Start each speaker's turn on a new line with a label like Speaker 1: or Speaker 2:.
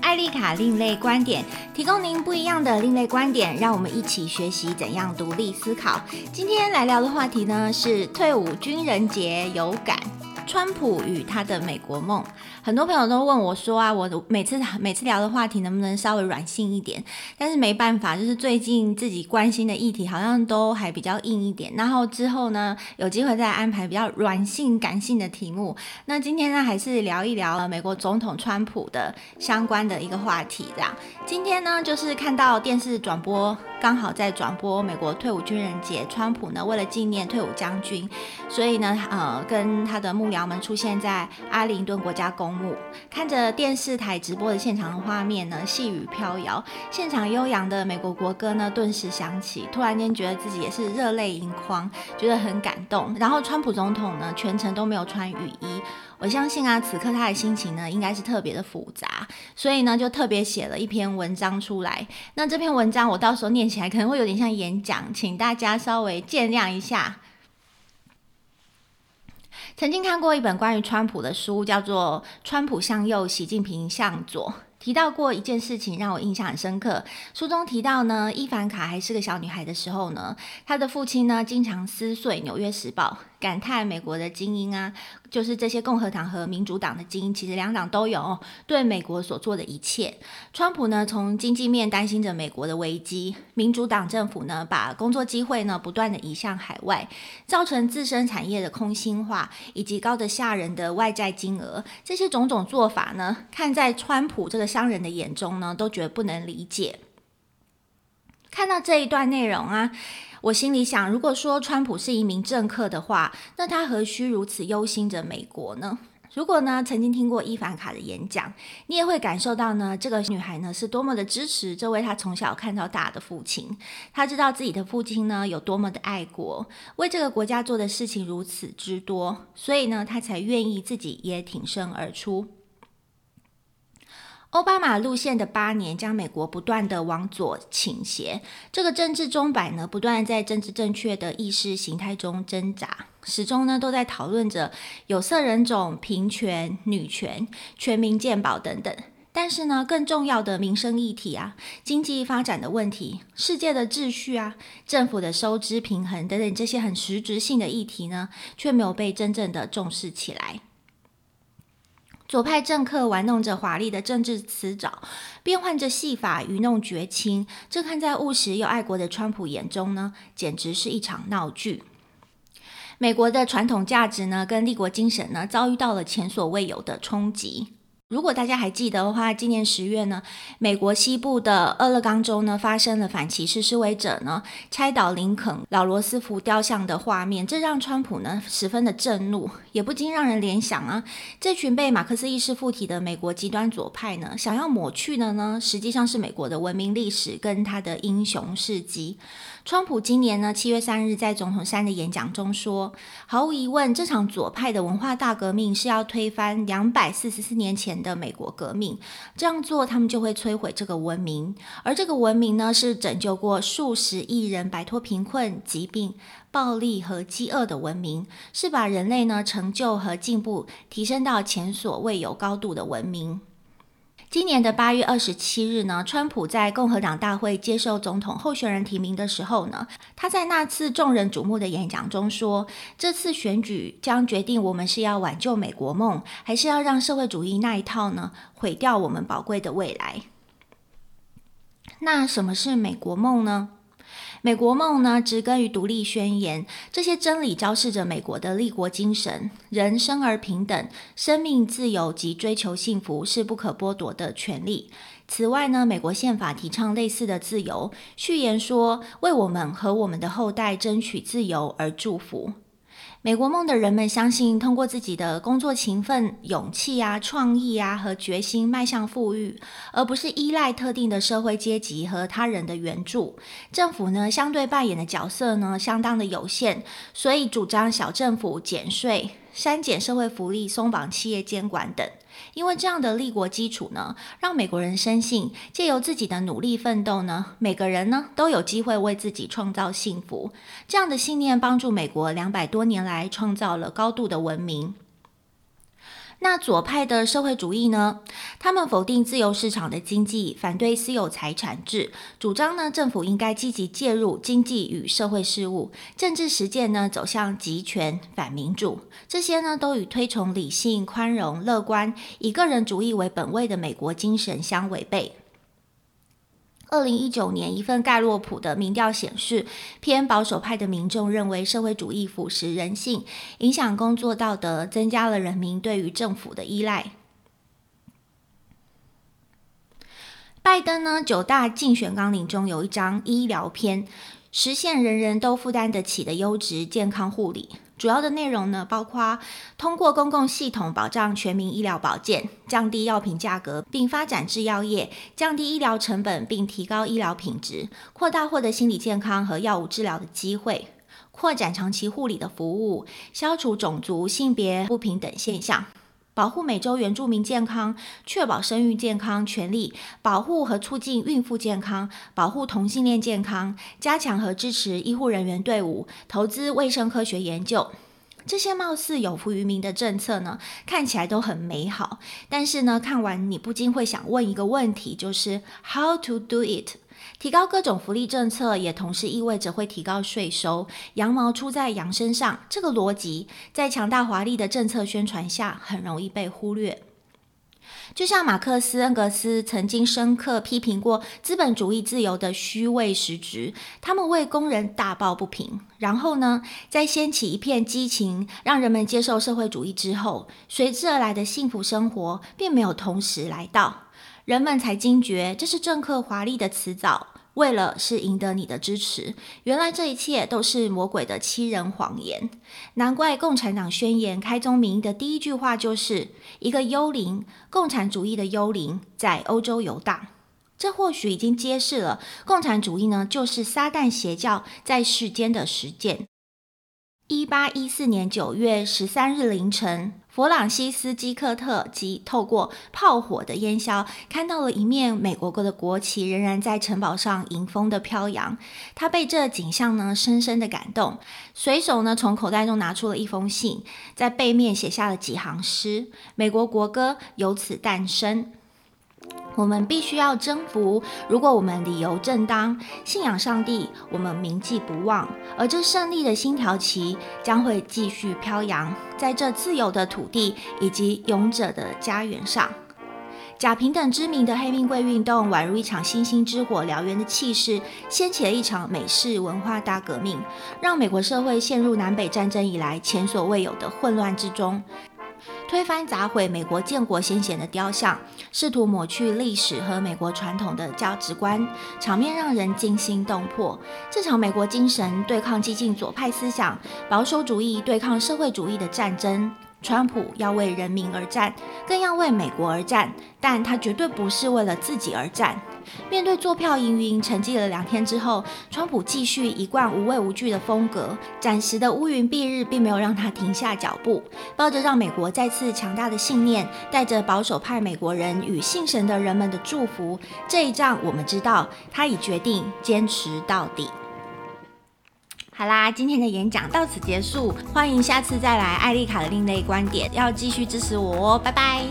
Speaker 1: 艾莉卡另類觀點，提供您不一樣的另類觀點，讓我們一起學習怎樣獨立思考。今天來聊的話題呢，是退伍軍人節有感。川普與他的美國夢，很多朋友都問我說：“啊，我每次每次聊的話題能不能稍微軟性一點？”但是沒辦法，就是最近自己關心的議題好像都還比較硬一點。然後之後呢，有機會再安排比較軟性、感性的題目。那今天呢，還是聊一聊美國總統川普的相關的一個話題。這樣，今天呢，就是看到電視轉播。剛好在轉播美國退伍軍人節，川普呢，為了紀念退伍將軍，所以呢，呃，跟他的幕僚們出現在阿靈頓國家公墓，看着電視台直播的現場的畫面呢，細雨飄搖，現場悠揚的美國國歌呢，頓時響起，突然間覺得自己也是熱淚盈眶，覺得很感動。然後川普總統呢，全程都沒有穿雨衣。我相信啊，此刻他的心情呢，應該是特別的複雜，所以呢，就特別寫了一篇文章出來。那這篇文章我到時候念起來可能會有點像演講，請大家稍微見諒一下。曾經看過一本關於川普的書，叫做《川普向右，習近平向左》，提到過一件事情讓我印象很深刻。書中提到呢，伊凡卡還是個小女孩的時候呢，她的父親呢，經常撕碎《紐約時報》，感嘆美國的精英啊。就是這些共和黨和民主黨的精英，其實兩黨都有對美國所做的一切。川普呢，從經濟面擔心着美國的危機；民主黨政府呢，把工作機會呢不斷的移向海外，造成自身產業的空心化，以及高得嚇人的外債金額。這些種種做法呢，看在川普這個商人的眼中呢，都覺得不能理解。看到這一段內容啊。我心裡想，如果說川普是一名政客的話，那他何須如此憂心着美國呢？如果呢，曾經聽過伊凡卡的演講，你也會感受到呢，這個女孩呢，是多麼的支持這位她從小看到大的父親。她知道自己的父親呢，有多麼的愛國，為這個國家做的事情如此之多，所以呢，她才願意自己也挺身而出。歐巴馬路線的八年，將美國不斷地往左傾斜。這個政治鐘擺呢，不斷在政治正確的意識形態中掙扎，始終呢都在討論着有色人種平權、女權、全民健保等等。但是呢，更重要的民生議題啊，經濟發展的問題、世界的秩序啊、政府的收支平衡等等這些很實質性的議題呢，卻沒有被真正的重視起來。左派政客玩弄着華麗的政治辭藻，變換着戲法愚弄覺青。這看在務實又愛國的川普眼中呢，簡直是一場鬧劇。美國的傳統價值呢，跟立國精神呢，遭遇到了前所未有的衝擊。如果大家還記得的話，今年十月呢，美國西部的俄勒岡州呢，發生了反歧視示威者呢拆倒林肯、老羅斯福雕像的畫面，這讓川普呢十分的震怒，也不禁讓人聯想啊，這群被馬克思意識附體的美國極端左派呢，想要抹去的呢，實際上是美國的文明歷史跟他的英雄事蹟。川普今年呢七月三日在總統山的演講中說，毫無疑問，這場左派的文化大革命是要推翻兩百四十四年前。的美國革命，這樣做，他們就會摧毀這個文明。而這個文明呢，是拯救過數十億人擺脫貧困、疾病、暴力和飢餓的文明，是把人類呢成就和進步提升到前所未有高度的文明。今年的八月二十七日呢，川普在共和黨大會接受總統候選人提名的時候呢，他在那次眾人矚目的演講中說：“這次選舉將決定我們是要挽救美國夢，還是要讓社會主義那一套呢毀掉我們寶貴的未來。”那什麼是美國夢呢？美國夢呢，植根於《獨立宣言》這些真理，昭示着美國的立國精神：人生而平等，生命、自由及追求幸福是不可剝奪的權利。此外呢，美國憲法提倡類似的自由。序言說：“為我們和我們的後代爭取自由而祝福。”美國夢的人們相信，通過自己的工作勤奮、勇氣啊、創意啊和決心邁向富裕，而不是依賴特定的社會階級和他人的援助。政府呢，相對扮演的角色呢，相當的有限，所以主張小政府、減稅、刪減社會福利、鬆綁企業監管等。因為這樣的立國基礎呢，讓美國人深信，借由自己的努力奮鬥呢，每個人呢都有機會為自己創造幸福。這樣的信念幫助美國兩百多年來。來創造了高度的文明。那左派的社會主義呢？他們否定自由市場的經濟，反對私有財產制，主張呢政府應該積極介入經濟與社會事務，政治實踐呢走向集權、反民主。這些呢都與推崇理性、寬容、樂觀、以個人主義為本位的美國精神相違背。二零一九年，一份蓋洛普的民調顯示，偏保守派的民眾認為，社會主義腐蝕人性，影響工作道德，增加了人民對於政府的依賴。拜登呢，九大競選綱領中有一章醫療篇，實現人人都負擔得起的優質健康護理。主要的內容呢，包括通過公共系統保障全民醫療保健，降低藥品價格，並發展製藥業，降低醫療成本並提高醫療品質，擴大獲得心理健康和藥物治療的機會，擴展長期護理的服務，消除種族、性別不平等現象。保護美洲原住民健康，確保生育健康權利，保護和促進孕婦健康，保護同性戀健康，加強和支持醫護人員隊伍，投資衛生科學研究。這些貌似有福於民的政策呢，看起來都很美好。但是呢，看完你不禁會想問一個問題，就是 How to do it？提高各種福利政策，也同時意味着會提高稅收。羊毛出在羊身上，這個邏輯在強大華麗的政策宣傳下，很容易被忽略。就像馬克思、恩格斯曾經深刻批評過資本主義自由的虛偽實質，他們為工人大抱不平，然後呢，在掀起一片激情，讓人們接受社會主義之後，隨之而來的幸福生活，並沒有同時來到。人們才驚覺，這是政客華麗的辭藻，為了是贏得你的支持。原來這一切都是魔鬼的欺人謊言。難怪共產黨宣言開宗明義的第一句話就是一個幽靈——共產主義的幽靈，在歐洲游蕩。這或許已經揭示了，共產主義呢，就是撒旦邪教在世間的實踐。一八一四年九月十三日凌晨。弗朗西斯·斯科特·基透過炮火的煙硝，看到了一面美國國的國旗仍然在城堡上迎風的飄揚。他被這景象呢深深的感動，隨手呢從口袋中拿出了一封信，在背面寫下了幾行詩。美國國歌由此誕生。我們必須要征服。如果我們理由正當，信仰上帝，我們銘記不忘。而這勝利的星條旗將會繼續飄揚在這自由的土地以及勇者的家園上。假平等之名的黑命貴運動，宛如一場星星之火燎原的氣勢，掀起了一場美式文化大革命，讓美國社會陷入南北戰爭以來前所未有的混亂之中。推翻砸毀美國建國先賢的雕像，試圖抹去歷史和美國傳統的價值觀，場面讓人驚心動魄。這場美國精神對抗激進左派思想、保守主義對抗社會主義的戰爭。川普要為人民而戰，更要為美國而戰，但他絕對不是為了自己而戰。面對作票疑雲沉寂了兩天之後，川普繼續一貫無畏無懼的風格。暫時的烏雲蔽日，並沒有讓他停下腳步。抱着讓美國再次強大的信念，帶着保守派美國人與信神的人們的祝福，這一仗我們知道，他已決定堅持到底。好啦，今天的演講到此結束，歡迎下次再來艾莉卡的另類觀點，要繼續支持我哦，拜拜。